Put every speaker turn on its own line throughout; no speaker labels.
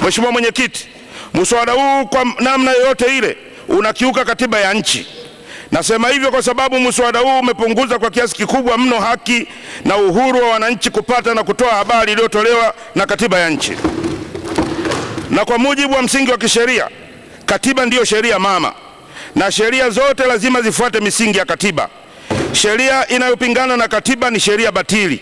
Mheshimiwa Mwenyekiti, mswada huu kwa namna yoyote ile unakiuka katiba ya nchi. Nasema hivyo kwa sababu mswada huu umepunguza kwa kiasi kikubwa mno haki na uhuru wa wananchi kupata na kutoa habari iliyotolewa na katiba ya nchi, na kwa mujibu wa msingi wa kisheria, katiba ndiyo sheria mama, na sheria zote lazima zifuate misingi ya katiba. Sheria inayopingana na katiba ni sheria batili.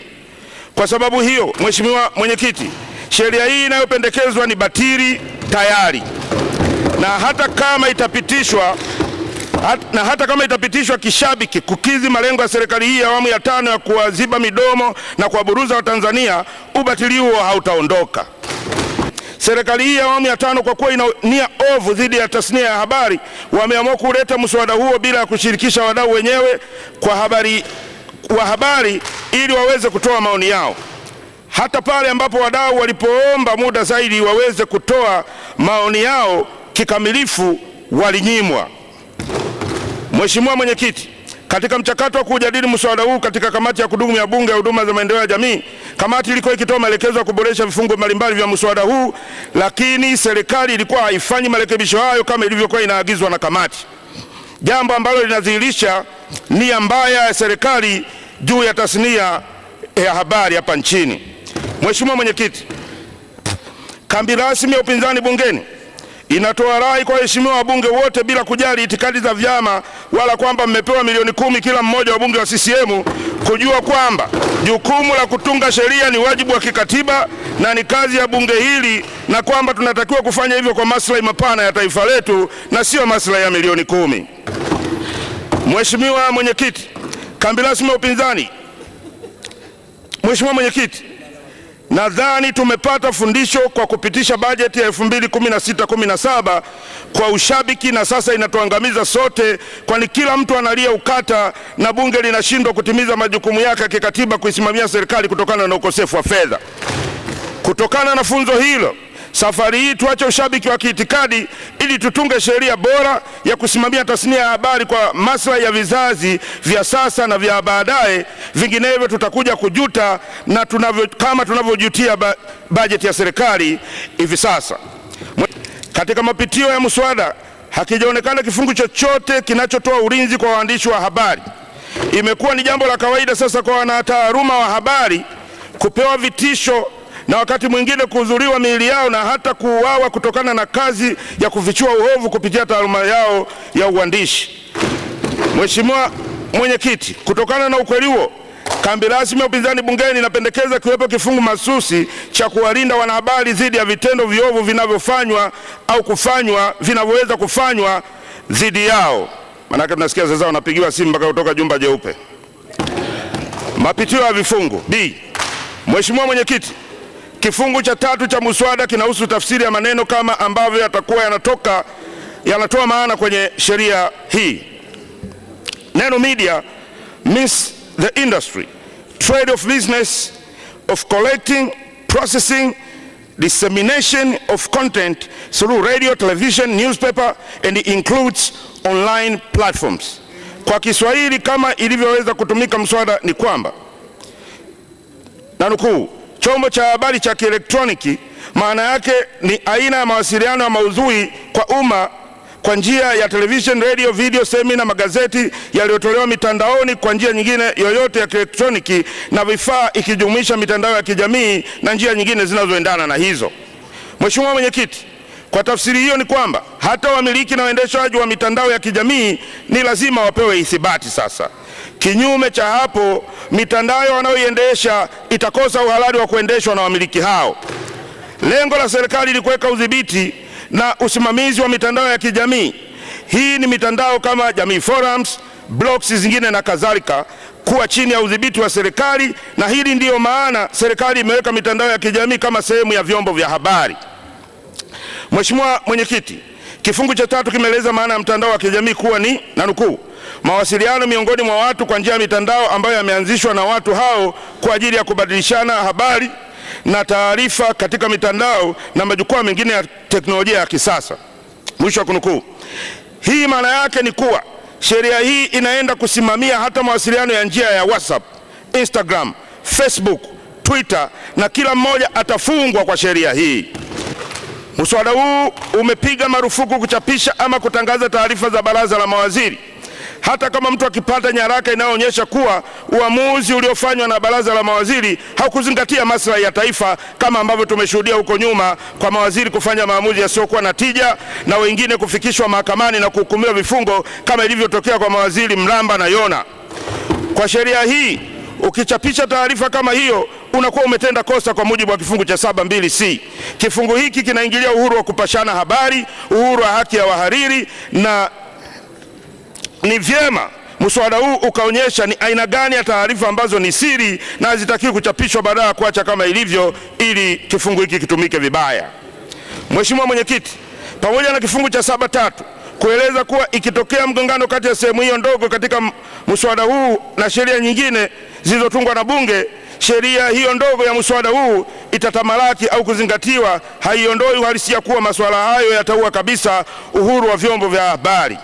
Kwa sababu hiyo, Mheshimiwa Mwenyekiti, Sheria hii inayopendekezwa ni batili tayari, na hata kama itapitishwa Hat, na hata kama itapitishwa kishabiki kukidhi malengo ya serikali hii ya awamu ya tano ya kuwaziba midomo na kuwaburuza Watanzania, ubatili huo hautaondoka. Serikali hii ya awamu ya tano, kwa kuwa ina nia ovu dhidi ya tasnia ya habari, wameamua kuleta mswada huo bila ya kushirikisha wadau wenyewe kwa habari, wa habari ili waweze kutoa maoni yao hata pale ambapo wadau walipoomba muda zaidi waweze kutoa maoni yao kikamilifu walinyimwa. Mheshimiwa Mwenyekiti, katika mchakato wa kujadili mswada huu katika kamati ya kudumu ya Bunge ya huduma za maendeleo ya jamii, kamati ilikuwa ikitoa maelekezo ya kuboresha vifungu mbalimbali vya mswada huu, lakini serikali ilikuwa haifanyi marekebisho hayo kama ilivyokuwa inaagizwa na kamati, jambo ambalo linadhihirisha nia mbaya ya serikali juu ya tasnia ya habari hapa nchini. Mheshimiwa Mwenyekiti, kambi rasmi ya upinzani bungeni inatoa rai kwa waheshimiwa wabunge wote bila kujali itikadi za vyama wala kwamba mmepewa milioni kumi kila mmoja wabunge wa CCM kujua kwamba jukumu la kutunga sheria ni wajibu wa kikatiba na ni kazi ya bunge hili, na kwamba tunatakiwa kufanya hivyo kwa maslahi mapana ya taifa letu na siyo maslahi ya milioni kumi. Mheshimiwa Mwenyekiti, kambi rasmi ya upinzani. Mheshimiwa Mwenyekiti, Nadhani tumepata fundisho kwa kupitisha bajeti ya 2016/17 kwa ushabiki, na sasa inatuangamiza sote, kwani kila mtu analia ukata na bunge linashindwa kutimiza majukumu yake ya kikatiba kuisimamia serikali kutokana na ukosefu wa fedha. Kutokana na funzo hilo Safari hii tuache ushabiki wa kiitikadi ili tutunge sheria bora ya kusimamia tasnia ya habari kwa maslahi ya vizazi vya sasa na vya baadaye, vinginevyo tutakuja kujuta na tunavyo, kama tunavyojutia ba, bajeti ya serikali hivi sasa. Katika mapitio ya muswada hakijaonekana kifungu chochote kinachotoa ulinzi kwa waandishi wa habari. Imekuwa ni jambo la kawaida sasa kwa wanataaluma wa habari kupewa vitisho na wakati mwingine kuhudhuriwa miili yao na hata kuuawa kutokana na kazi ya kufichua uovu kupitia taaluma yao ya uandishi. Mheshimiwa Mwenyekiti, kutokana na ukweli huo, kambi rasmi ya upinzani bungeni inapendekeza kiwepo kifungu mahsusi cha kuwalinda wanahabari dhidi ya vitendo viovu vinavyofanywa au kufanywa vinavyoweza kufanywa dhidi yao. Maanake tunasikia sasa wanapigiwa simu mpaka kutoka jumba jeupe. Mapitio ya vifungu B. Mheshimiwa Mwenyekiti, Kifungu cha tatu cha muswada kinahusu tafsiri ya maneno kama ambavyo yatakuwa yanatoka yanatoa maana kwenye sheria hii. Neno media means the industry trade of business of collecting processing dissemination of content through radio, television, newspaper and includes online platforms. Kwa Kiswahili kama ilivyoweza kutumika mswada ni kwamba na nukuu chombo cha habari cha kielektroniki maana yake ni aina ya mawasiliano ya maudhui kwa umma kwa njia ya television, radio, video, semina, magazeti yaliyotolewa mitandaoni kwa njia nyingine yoyote ya kielektroniki na vifaa, ikijumuisha mitandao ya kijamii na njia nyingine zinazoendana na hizo. Mheshimiwa Mwenyekiti, kwa tafsiri hiyo ni kwamba hata wamiliki na waendeshaji wa mitandao ya kijamii ni lazima wapewe ithibati sasa Kinyume cha hapo, mitandao wanayoiendesha itakosa uhalali wa kuendeshwa na wamiliki hao. Lengo la serikali ni kuweka udhibiti na usimamizi wa mitandao ya kijamii. Hii ni mitandao kama Jamii Forums, blogs zingine na kadhalika kuwa chini ya udhibiti wa serikali, na hili ndiyo maana serikali imeweka mitandao ya kijamii kama sehemu ya vyombo vya habari. Mheshimiwa Mwenyekiti, kifungu cha tatu kimeeleza maana ya mtandao wa kijamii kuwa ni na nukuu mawasiliano miongoni mwa watu kwa njia ya mitandao ambayo yameanzishwa na watu hao kwa ajili ya kubadilishana habari na taarifa katika mitandao na majukwaa mengine ya teknolojia ya kisasa. Mwisho wa kunukuu. Hii maana yake ni kuwa sheria hii inaenda kusimamia hata mawasiliano ya njia ya WhatsApp, Instagram, Facebook, Twitter na kila mmoja atafungwa kwa sheria hii. Muswada huu umepiga marufuku kuchapisha ama kutangaza taarifa za baraza la mawaziri hata kama mtu akipata nyaraka inayoonyesha kuwa uamuzi uliofanywa na baraza la mawaziri haukuzingatia maslahi ya taifa, kama ambavyo tumeshuhudia huko nyuma kwa mawaziri kufanya maamuzi yasiyokuwa na tija na wengine kufikishwa mahakamani na kuhukumiwa vifungo kama ilivyotokea kwa mawaziri Mramba na Yona. Kwa sheria hii, ukichapisha taarifa kama hiyo unakuwa umetenda kosa kwa mujibu wa kifungu cha saba mbili c. Kifungu hiki kinaingilia uhuru wa kupashana habari, uhuru wa haki ya wahariri na ni vyema mswada huu ukaonyesha ni aina gani ya taarifa ambazo ni siri na hazitakiwi kuchapishwa badala ya kuacha kama ilivyo, ili kifungu hiki kitumike vibaya. Mheshimiwa Mwenyekiti, pamoja na kifungu cha saba tatu kueleza kuwa ikitokea mgongano kati ya sehemu hiyo ndogo katika mswada huu na sheria nyingine zilizotungwa na Bunge, sheria hiyo ndogo ya mswada huu itatamalaki au kuzingatiwa, haiondoi uhalisia kuwa masuala hayo yataua kabisa uhuru wa vyombo vya habari.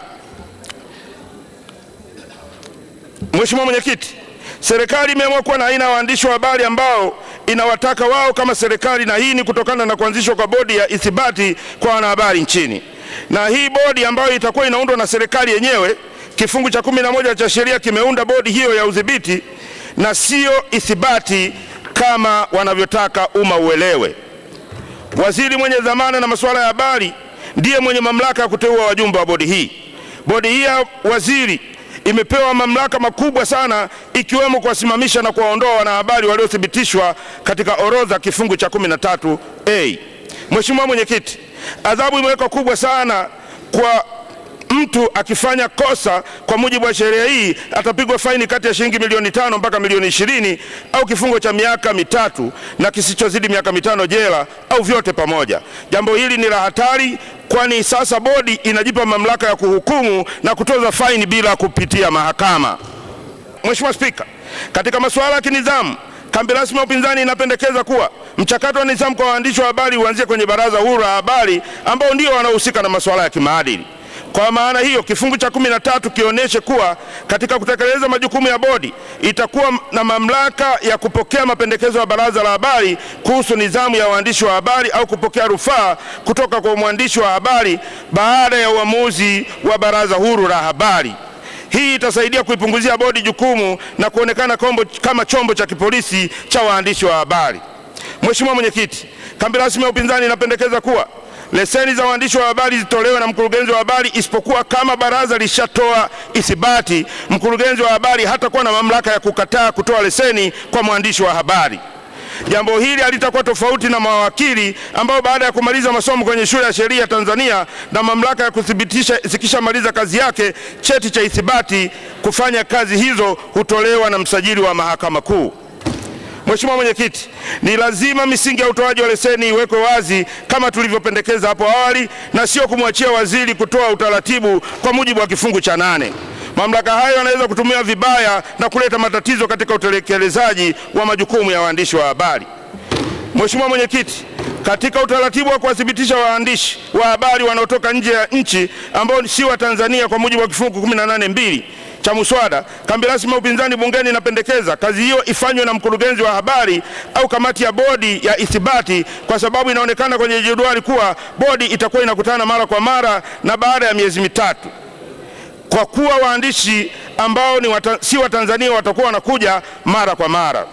Mheshimiwa Mwenyekiti, serikali imeamua kuwa na aina ya waandishi wa habari ambao inawataka wao kama serikali, na hii ni kutokana na kuanzishwa kwa bodi ya ithibati kwa wanahabari nchini, na hii bodi ambayo itakuwa inaundwa na serikali yenyewe. Kifungu cha kumi na moja cha sheria kimeunda bodi hiyo ya udhibiti na sio ithibati kama wanavyotaka umma uelewe. Waziri mwenye dhamana na masuala ya habari ndiye mwenye mamlaka ya kuteua wajumbe wa bodi hii. Bodi hii ya waziri imepewa mamlaka makubwa sana ikiwemo kuwasimamisha na kuwaondoa wanahabari waliothibitishwa katika orodha kifungu cha 13A. Mheshimiwa Mwenyekiti, adhabu imewekwa kubwa sana kwa Mtu akifanya kosa kwa mujibu wa sheria hii atapigwa faini kati ya shilingi milioni tano mpaka milioni ishirini au kifungo cha miaka mitatu na kisichozidi miaka mitano jela au vyote pamoja. Jambo hili ni la hatari, kwani sasa bodi inajipa mamlaka ya kuhukumu na kutoza faini bila kupitia mahakama. Mheshimiwa Spika, katika masuala ya kinidhamu kambi rasmi ya upinzani inapendekeza kuwa mchakato wa nidhamu kwa waandishi wa habari uanzie kwenye Baraza Huru la Habari ambao ndio wanaohusika na masuala ya kimaadili. Kwa maana hiyo kifungu cha kumi na tatu kionyeshe kuwa katika kutekeleza majukumu ya bodi itakuwa na mamlaka ya kupokea mapendekezo ya baraza la habari kuhusu nizamu ya waandishi wa habari au kupokea rufaa kutoka kwa mwandishi wa habari baada ya uamuzi wa baraza huru la habari. Hii itasaidia kuipunguzia bodi jukumu na kuonekana kombo, kama chombo cha kipolisi cha waandishi wa habari. Mheshimiwa Mwenyekiti, kambi rasmi ya upinzani inapendekeza kuwa leseni za waandishi wa habari zitolewe na mkurugenzi wa habari, isipokuwa kama baraza lishatoa ithibati, mkurugenzi wa habari hatakuwa na mamlaka ya kukataa kutoa leseni kwa mwandishi wa habari. Jambo hili halitakuwa tofauti na mawakili ambao baada ya kumaliza masomo kwenye shule ya sheria Tanzania na mamlaka ya kuthibitisha zikishamaliza kazi yake, cheti cha ithibati kufanya kazi hizo hutolewa na msajili wa mahakama kuu. Mheshimiwa Mwenyekiti, ni lazima misingi ya utoaji wa leseni iwekwe wazi kama tulivyopendekeza hapo awali na sio kumwachia waziri kutoa utaratibu kwa mujibu wa kifungu cha nane. Mamlaka hayo yanaweza kutumia vibaya na kuleta matatizo katika utekelezaji wa majukumu ya waandishi wa habari. Mheshimiwa Mwenyekiti, katika utaratibu wa kuwathibitisha waandishi wa habari wanaotoka nje ya nchi ambao si wa Tanzania kwa mujibu wa kifungu 18 mbili cha muswada, kambi rasmi upinzani bungeni inapendekeza kazi hiyo ifanywe na mkurugenzi wa habari au kamati ya bodi ya ithibati, kwa sababu inaonekana kwenye jedwali kuwa bodi itakuwa inakutana mara kwa mara na baada ya miezi mitatu. Kwa kuwa waandishi ambao ni wata, si Watanzania watakuwa wanakuja mara kwa mara